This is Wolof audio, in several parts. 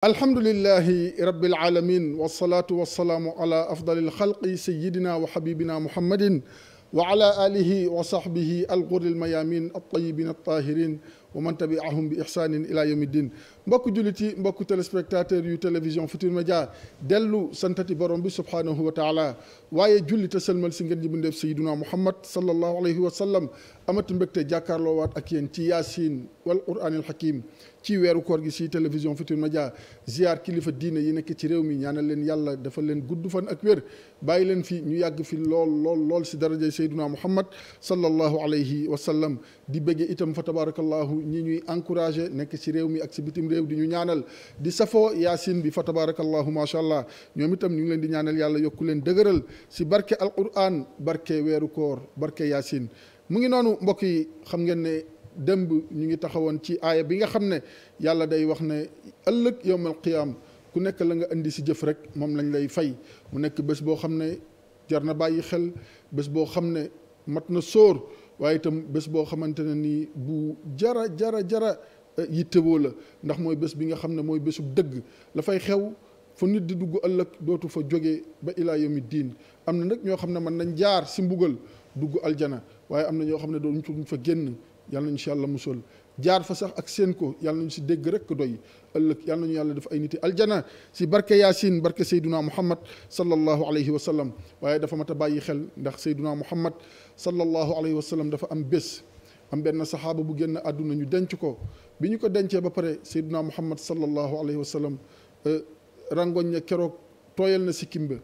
alhamdulilahi rabbil alamin wasalaatu wasalaamu ala afdalil xalqi sayidina wa xabibina muhammadin wa ala alihi wa sahbihi alxuril mayamin altayibin altahirin wa man tabiahum bi ixsanin ila yawmi ddin mbokku jullit yi mbokku téléspectateur yu télévision Futur Média dellu santati borom bi subhaanahu wa taala waaye julli te sëlmal si ngeen ji bindeef sayyiduna muhammad sallallahu alayhi wa sallam amati mbégte jàkkaarloo waat ak yéen ci yaasin wal quraanil hakim ci weeru koor gi si télévision Futur Média ziar kilifa diine yi nekk ci réew mi ñaanal leen yàlla dafa leen gudd fan ak wér bàyyi leen fi ñu yàgg fi lool lool lool si daraja sayyiduna muhammad sallallahu alayhi wa sallam di bëggee itam fa tabarakallahu ñi ñuy encouragé nekk ci réew mi ak si bitim réew di ñu ñaanal di safoo yaasin bi fa tabarakallahu macha allah ñoom itam ñu ngi leen di ñaanal yàlla yokk leen dëgëral si barke alquran barke weeru koor barke yaasin mu ngi noonu mbokk yi xam ngeen ne démb ñu ngi taxawoon ci aaya bi nga xam ne yàlla day wax ne ëllëg yowmal qiyaam ku nekk la nga indi si jëf rek moom lañ lay fay mu nekk bés boo xam ne jar na bàyyi xel bés boo xam ne mat na sóor waaye itam bés boo xamante ne nii bu jara jara jara Euh, yittewoo la ndax mooy bés bi nga xam ne mooy bésub dëgg la fay xew fa nit di dugg ëllëg dootu fa jóge ba ilaa yawmi diin am na nag ñoo xam ne mën nañ jaar si mbugal dugg aljana waaye am na ñoo xam ne ñu fa génn yàlla nañu si yàlla musal jaar fa sax ak seen ko yàlla nañu si dégg rek doy ëllëg yàlla nañu yàlla def ay niti aljana si barke yaasin barke sayduna muhammad sallallahu alayhi wa sallam waaye dafa mat a bàyyi xel ndax sayduna muhammad sallallahu alayhi wa sallam dafa am bés am benn saxaaba bu génn àdduna ñu denc ko bi ñu ko dencee ba pare sayduna muhammad sallallahu alayhi wa sallam euh, rangoñ ña keroog tooyal na si ba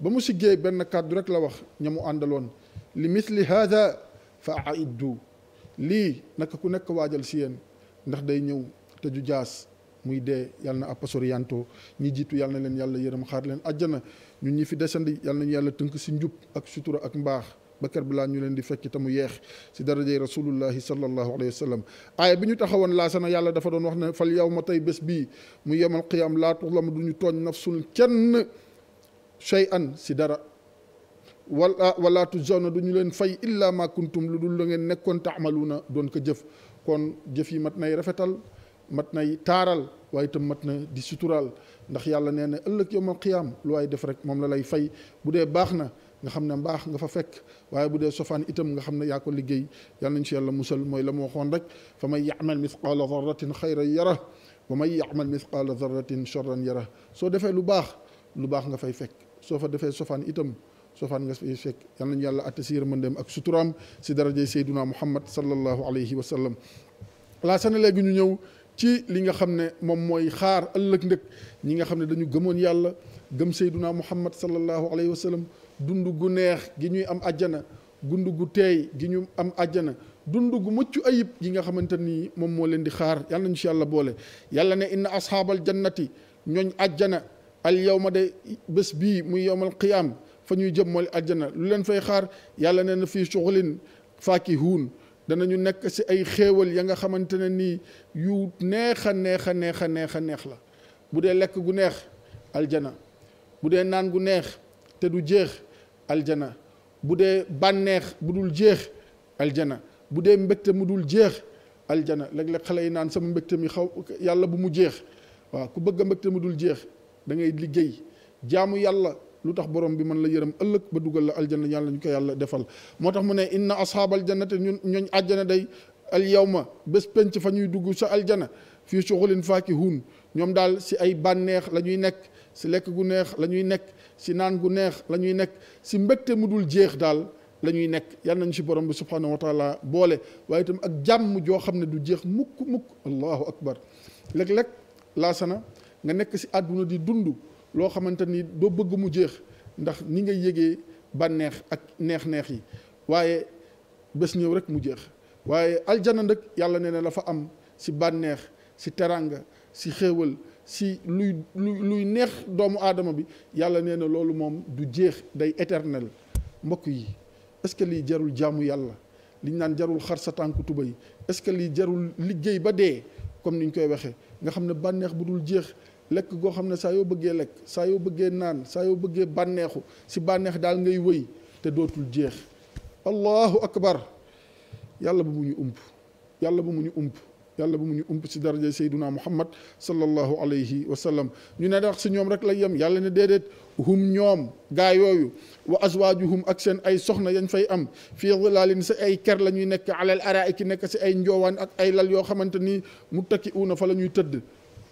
ba mu siggee benn kàddu rek la wax ña mu àndaloon li misli hada fa aiddu lii naka ku nekk waajal si yéen ndax day ñëw te ju jaas muy dee yal na appasoriyanto ñi jiitu yal na leen yàlla yërëm xaar leen ajjana ñu ñi fi desandi yal nañu yàlla tënk si njub ak sutura ak mbaax ba bi balaa ñu leen di fekk te mu yeex si darajey rasulullahi sallallahu alayhi wa sallam aaya bi ñu taxawoon na yàlla dafa doon wax ne fal yow ma tey bés bii mu yemal qiyam laa tuxlam du ñu tooñ nafsul kenn shay'an si dara wala ah, wala tujzawna du ñu leen fay illa ma kuntum lu dul la ngeen nekkoon na doon ko jëf kon jëf yi mat nay rafetal mat nay taaral waaye itam mat na di suturaal ndax yàlla nee na ëllëg yowmal qiyaam lu waay def rek moom la lay fay bu dee baax na nga xam ne mbaax nga fa fekk waaye bu dee sofaan itam nga xam ne yaa ko liggéey yàlla nañ ci yàlla musal mooy la ma waxoon rek fa man yaamal mithqaala darratin xayran yara wa man yaamal mithqaala darratin charran yara soo defee lu baax lu baax nga fay fekk soo fa defee sofaan itam sofaan nga fay fekk yàlla nañ yàlla atte si yërmandeem ak suturaam si darajey sayduna muhammad sallallahu alayhi wa sallam laa sana léegi ñu ñëw ci li nga xam ne moom mooy xaar ëllëg ndëg ñi nga xam ne dañu gëmoon yàlla gëm sayduna muhammad sallallahu alayhi wa sallam dund gu neex gi ñuy am àjjana gund gu teey gi ñu am àjjana dund gu mucc ayib gi nga xamante nii moom moo leen di xaar yàlla nañu si yàlla boole yàlla ne inna asxaabal jannati ñooñ àjjana al yawma de bés bii muy yawmal qiyaam fa ñuy jëm mooy lu leen fay xaar yàlla nee na fii suxlin faakihuun danañu nekk si ay xéewal ya nga xamante ne nii yu neex a neex a neex a neex a neex la bu dee lekk gu neex aljana bu dee naan gu neex te du jeex aljana bu dee bànneex bu dul jeex aljana bu dee mbégte mu dul jeex aljana léeg-léeg xale yi naan sama mbégte mi xaw yàlla bu mu jeex waaw ku bëgg a mu dul jeex da ngay liggéey jaamu yàlla lu tax borom bi mën la yërëm ëllëg ba dugal la aljana yàlla ñu ko yàlla defal moo tax mu ne inna ashaabal jannati ñun ñooñ àjjana day al ma bés penc fa ñuy dugg sa aljana fii shughulin faakihun ñoom daal si ay bànneex la ñuy nekk si lekk gu neex lañuy ñuy nekk si naan gu neex la ñuy nekk si mbégte mu dul jeex daal la nekk yal nañu si borom bi subhanahu wa taala boole waaye itam ak jàmm joo xam ne du jeex mukk mukk allahu akbar léeg laasana nga nekk si àdduna di dund loo xamante ni doo bëgg mu jeex ndax ni nga yégee bànneex ak neex-neex yi waaye bés ñëw rek mu jeex waaye aljana nag yàlla nee na la fa am si bànneex si teranga si xéewal si luy luy neex doomu aadama bi yàlla nee na loolu moom du jeex day éternel mbokk yi est-ce que lii jarul jaamu yàlla liñ naan jarul xar sa tànk tubéy yi est-ce que lii jarul liggéey ba dee comme ni niñ koy waxee nga xam ne bànneex bu dul jeex lekk goo xam ne saa yoo bëggee lekk saa yoo bëggee naan saa yoo bëggee bànneexu si bànneex daal ngay wëy te dootul jeex allahu akbar yàlla bu mu ñu ump yàlla bu mu ñu ump yàlla bu mu ñu ump si daraja sayduna muhammad sallallahu alayhi wa ñu ne ndax si ñoom rek lay yem yàlla na déedéet hum ñoom gaa yooyu wa azwaajuhum ak seen ay soxna yañ fay am fii zilalin si ay ker la ñuy nekk alal araiki nekk si ay njoowaan ak ay lal yoo xamante ni mu takki uuna fa la ñuy tëdd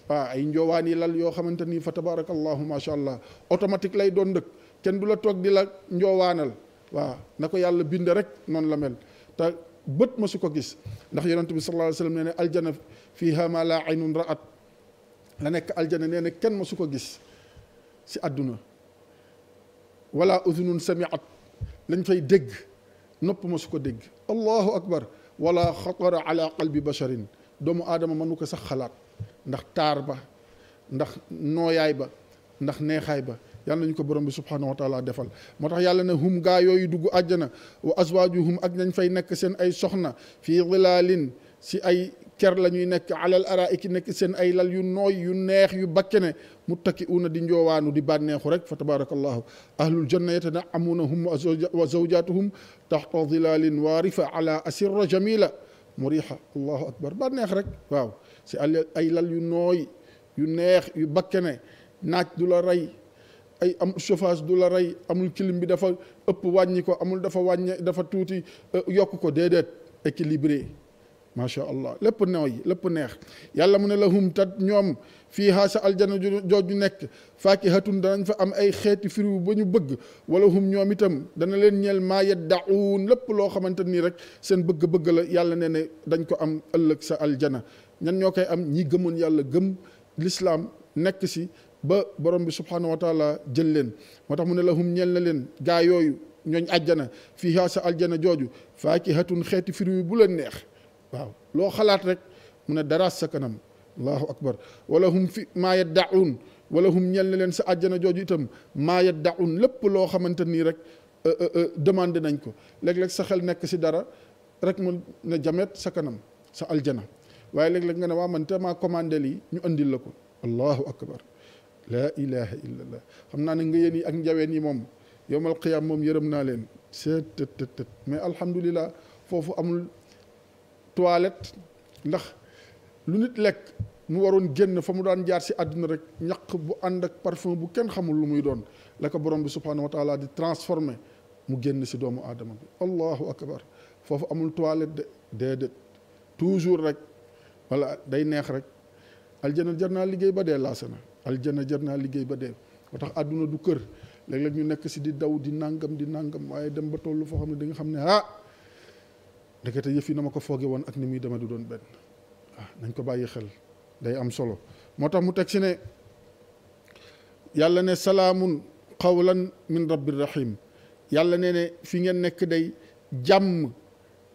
waaw ay njoowaan yi lal yoo xamante ni fa tabaraka allahu macha allah automatique lay doon dëkk kenn du la toog di la njoowaanal waaw na ko yàlla bind bët ma su ko gis ndax yonent bi sallallahu alayhi wa sallam nee na aljana fiihaa maa laa aynun ra'at la nekk aljana nee na kenn ma su ko gis si àdduna wala udunun samiat lañ fay dégg nopp ma su ko dégg allahu akbar wala xatara ala qalbi basharin doomu aadama mënu ko sax xalaat ndax taar ba ndax nooyaay ba ndax neexaay ba yàlla nañu ko borom bi subhanahu wa taala defal moo tax yàlla ne hum gaa yooyu dugg àjjana wa azwaajuhum ak nañ fay nekk seen ay soxna fi dilaalin si ay ker la ñuy nekk alal araiki nekk seen ay lal yu nooy yu neex yu bakkene muttaki'uuna di njoowaanu di bànneexu rek fa tabarakallahu ahlul janna yatana'amuunahum wa zawjaatuhum taxta dilaalin waarifa ala asirra jamila muriha allahu akbar bànneex rek waaw si ay lal yu nooy yu neex yu bakkene naaj du la rey ay am chauffage du la rey amul clim bi dafa ëpp wàññi ko amul dafa wàññi dafa tuuti euh, yokk ko déedéet équilibré macha allah lépp nooy lépp neex yàlla mu ne la lahum tat ñoom fii haa sa aljana jooju nekk faakihatun danañ fa am ay xeeti firiw ba ñu bëgg wala hum ñoom itam dana leen ñeel maa yaddaun lépp loo xamante nii rek seen bëgg-bëgg la yàlla nee ne dañ ko am ëllëg sa aljana ñan ñoo koy am ñi gëmoon yàlla gëm lislaam nekk si ba borom bi subhanahu wa taala jël leen moo tax mu ne la lahum ñeel na leen gaa yooyu ñooñ àjjana fii fiihaa sa aljana jooju faa faakihatun xeeti fir wi bu leen neex waaw loo xalaat rek mu ne daraas sa kanam allahu akbar wala hum fi maa yaddaun wala hum ñel na leen sa àjjana jooju itam maa yaddaun lépp loo xamante nii rek euh, euh, euh, demandé nañ ko léeg-léeg sa xel nekk si dara rek mu ne jamet sa kanam sa aljana waaye léeg-léeg nga ne waa man te maa lii ñu andil la ko allahu laa ilaha illa xam naa ne nga yéen yi ak njaween yi moom yowmal qiyaam moom yërëm naa leen seet tët tët mais alhamdulilah foofu amul toilette ndax lu nit lekk mu waroon génn fa mu daan jaar si àdduna rek ñaq bu ànd ak parfum bu kenn xamul lu muy doon la borom bi subhaanahu wa taala di transformé mu génn si doomu aadama bi allahu akbar foofu amul toilette de déedéet toujours rek wala day neex rek aljana jar naa liggéey ba dee laase na aljana jar naa liggéey ba dee moo tax àdduna du kër léeg-léeg ñu nekk si di daw di nàngam di nàngam waaye dem ba tollu foo xam ne di nga xam ne ah ndekete yëf yi na ma ko fooge woon ak ni muy deme du doon benn ah nañ ko bàyyi xel day am solo moo tax mu teg si ne yàlla ne salaamun qawlan min rabbir rahim yàlla ne ne fi ngeen nekk day jàmm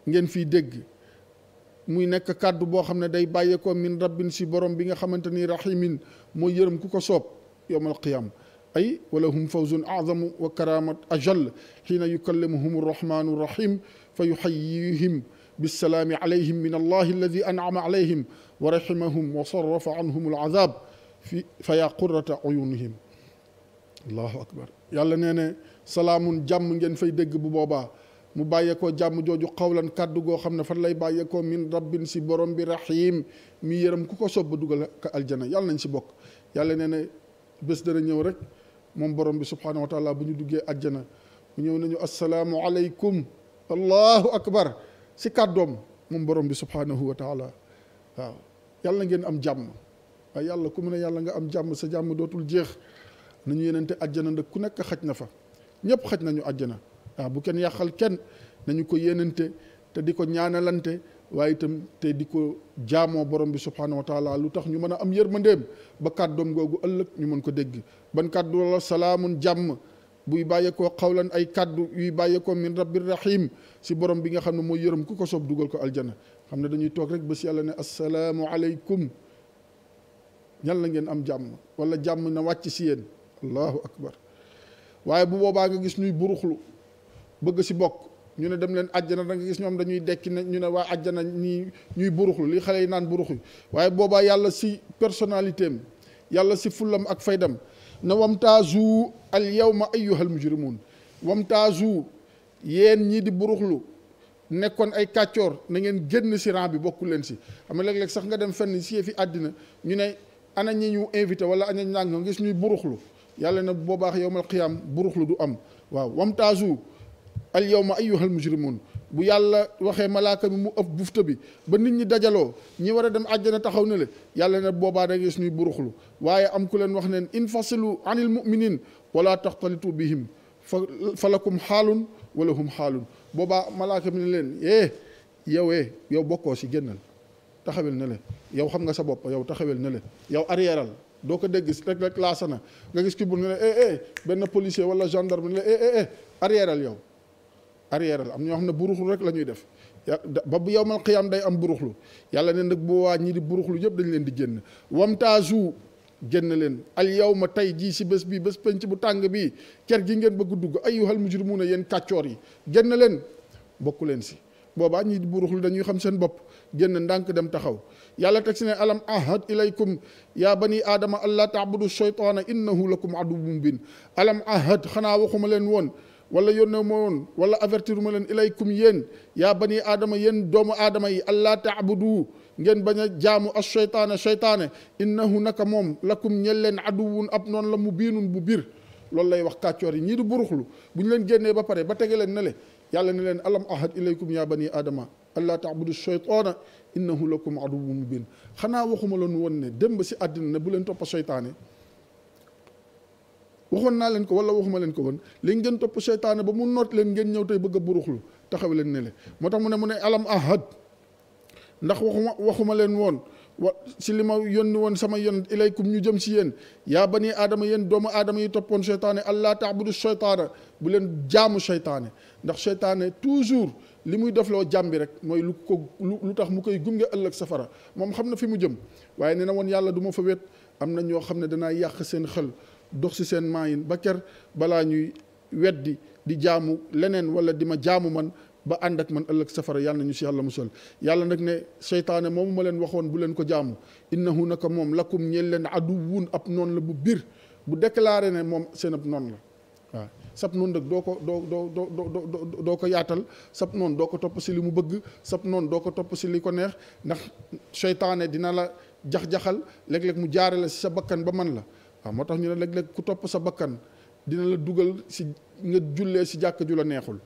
ngeen fii dégg muy nekk kàddu boo xam ne day bàyyeekoo min rabbin si borom bi nga xamante ni rahimin mooy yërëm ku ko soob yowmal qiyaama ay wala hum fawzun azamu wa karamat ajal xiina yukallimuhum arrahmanu rahim fa yuxayyihim bisalaami alayhim min allahi alladi anama alayhim wa rahimahum wa sarrafa anhum alazab fi fa yaa qurrata uyunihim allahu akbar yàlla nee ne salaamun jàmm ngeen fay dégg bu boobaa mu bàyyeekoo jàmm jooju xawlan kàddu goo xam ne fan lay bàyyeekoo min rabbin si borom bi rahim mi yërëm ku ko sobba ba dugal ka aljana yàlla nañ si bokk yàlla nee na bés dana ñëw rek moom borom bi subhanahu bu ñu duggee aljana mu ñëw nañu asalaamu aleykum allahu akbar si kàddoom moom borom bi subhanahu wa taala waaw yàlla ngeen am jàmm waaye yàlla ku mu ne yàlla nga am jàmm sa jàmm dootul jeex nañu yenente ajjana nag ku nekk xaj na fa ñëpp xaj nañu ajjana waaw bu kenn yàqal kenn nañu ko yéenante te di ko ñaanalante waaye itam te di ko jaamoo borom bi subhaanahu lu tax ñu mën a am yërmandeem ba kàddoom googu ëllëg ñu mën ko dégg ban kàddu la salaamun jàmm buy bàyyeekoo xawlan ay kàddu yuy bàyyeekoo min rabbir rahim si borom bi nga xam ne mooy yërëm ku ko soob dugal ko aljana xam ne dañuy toog rek ba si yàlla ne asalaamu aleykum ñan la ngeen am jàmm wala jàmm na wàcc si yéen allahu akbar waaye bu boobaa bëgg si bokk ñu ne dem leen àjjana da nga gis ñoom dañuy dekki ne ñu ne waa àjjana ñi ñuy buruxlu li xale yi naan buruxlu waaye boobaa yàlla si personnalité am yàlla si fullam ak fay dem na wamtaazu al yawma ayyuhal mujrimun wamtaazu yéen ñii di buruxlu nekkoon ay kàccoor na ngeen génn si rang bi bokku leen si xam nga léeg-léeg sax nga dem fenn si fi àddina ñu ne ana ñi ñu invité wala ana ñi nga gis ñuy buruxlu yàlla na boobaa yawmal qiyaam buruxlu du am waaw wamtaazu al yawma ayyuhal mujrimun bu yàlla waxee malaaka bi mu ëpp bufta bi ba nit ñi dajaloo ñi war a dem àjjana taxaw na le yàlla na boobaa da gis ñuy buruxlu waaye am ku leen wax neen infasilu anil muminin wala taxtalitu bihim fa fa lakum xaalun wala hum xaalun boobaa malaaka mi ne leen eh yow eh yow bokkoo si génnal taxawel na le yow xam nga sa bopp yow taxaweel na le yow arrièreal doo ko dégg rek rek laasana nga gis ki bu ne la eh eh benn policier wala gendarme ne la eh, eh, eh yow arrière la am ñoo xam ne buruxlu rek la ñuy def ba bu yowmal qiyaam day am buruxlu yàlla ne nag bu waa ñi di buruxlu yëpp dañ leen di génn wamtaazu génn leen al yawma tey jii si bés bii bés penc bu tàng bii kër gi ngeen bëgg dugg ayyuhal mujrimuuna yéen kàccoor yi génn leen bokku leen si boobaa ñi di buruxlu dañuy xam seen bopp génn ndànk dem taxaw yàlla teg si ne alam ahad ilaykum yaa bani aadama allaa taabudu shaytaana innahu lakum aduwwun mubin alam ahad xanaa waxuma leen wala yónnee moo woon wala avertir ma leen ilaykum yéen yaa bani aadama yéen doomu aadama yi allah taabudu ngeen bañ a jaamu as seytaane seytaane innahu naka moom lakum ñel leen aduwun ab noonu la mu biinun bu biir loolu lay wax kàccoor yi ñii di buruxlu bu ñu leen génnee ba pare ba tege leen ne le yàlla ne leen alam ahad ilaykum yaa bani aadama allah taabudu seytaana innahu lakum mu biin xanaa waxuma loon woon ne démb si àddina ne bu leen toppa seytaane waxoon naa leen ko wala waxuma leen ko woon li ngeen topp seytaane ba mu noot leen ngeen ñëw tey bëgg a buruxlu taxaw leen ne le moo tax mu ne mu ne alam ahad ndax waxuma waxuma leen woon wa si li ma yónni woon sama yonent ilaykum ñu jëm si yéen yaa ba bani aadama yéen doomu aadama yi toppoon seytaane allah taabudu seytaana bu leen jaamu seytaane ndax seytaane toujours li muy defloo jaam bi rek mooy lu ko lu tax mu koy gunge ëllëg safara moom xam na fi mu jëm waaye nee na woon yàlla du fa wet am na ñoo xam ne danaa yàq seen xel dox si seen maayin ba ker balaa ñuy weddi di jaamu leneen wala di ma jaamu man ba ànd ak man ëllëg safara yàlla ñu si yàlla musal yàlla nag ne seytaane moomu ma leen waxoon bu leen ko jaamu innahu naka moom lakum ñeen leen aduwwun ab noon la bu biir bu déclaré ne moom seen ab noon la waaw sab noon nag doo ko doo doo doo doo ko yaatal sab noonu doo ko topp si li mu bëgg sab noon doo ko topp si li ko neex ndax seytaane dina la jax-jaxal léeg-léeg mu jaar la si sa bakkan ba man la waaw moo tax ñu ne léeg-léeg ku topp sa bakkan dina la dugal si nga jullee si jàkk ju la neexul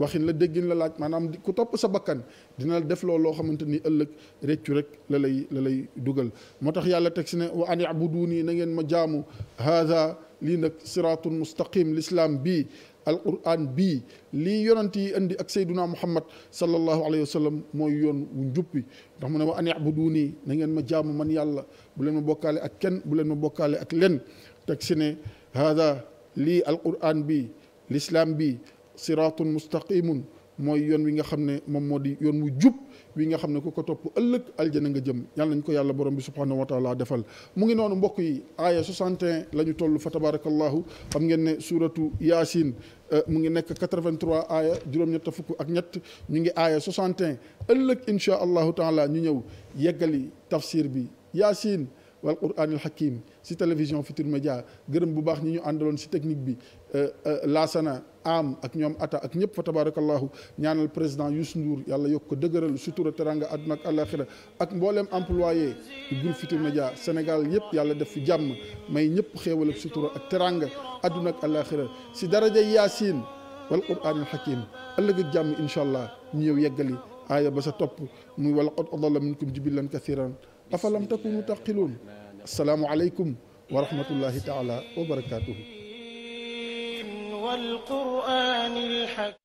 waxin la déggin la laaj maanaam ku topp sa bakkan dina la def loolu loo xamante ni ëllëg réccu rek la lay la lay dugal moo tax yàlla teg si ne wa an ibuduuni na ngeen ma jaamu haada lii nag siraatun mustaqim lislaam bii alquran bii lii yonent yi indi ak sayduna muhammad sallallahu alayhi wa sallam mooy yoon wu njuppi ndax mu ne wa an ibuduuni na ngeen ma jaamu man yàlla bu leen ma bokkaale ak kenn bu leen ma bokkaale ak len teg si ne haada lii alquran bi lislaam bi siraatun mustaqimun mooy yoon wi nga xam ne moom moo di yoon wu jub wi nga xam ne ku ko topp ëllëg aljana nga jëm yàlla nañ ko yàlla borom bi subhanahu wa taala defal mu ngi noonu mbokk yi aaya 61 la ñu toll fa tabarakallahu xam ngeen ne suuratu yaasin euh, mu ngi nekk 83 aaya juróom-ñett ak ñett ñu ngi aaya 61 ëllëg insha allahu taala ñu ñëw yeggali tafsir bi yaasin wal quranil hakim si télévision Futur Média gërëm bu baax ñi ñu àndaloon si technique bi euh, euh, laasana am ak ñoom ata ak ñëpp fa tabarakallahu ñaanal président Youssou Ndour yàlla yokk ko dëgëral sutura teranga àdduna ak àllaaxira ak mbooleem employé groupe Futur Média Sénégal yëpp yàlla def fi jàmm may ñëpp xéewal ak sutura ak teranga àdduna ak àllaaxira si daraja yaasin wal quranil hakim ëllëg ak jàmm incha allah ñu ñëw yeggali aaya ba sa topp muy wala qad adalla minkum jibillan kathiran afalam takunu taqiluun asalaamu aleykum wa rahmatullahi taala wa barakaatuhu